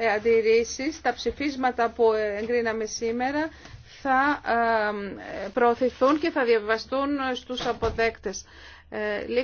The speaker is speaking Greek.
Ε, αντιρρήσεις, τα ψηφίσματα που εγκρίναμε σήμερα θα ε, προωθηθούν και θα διαβαστούν στους αποδέκτες. Ε,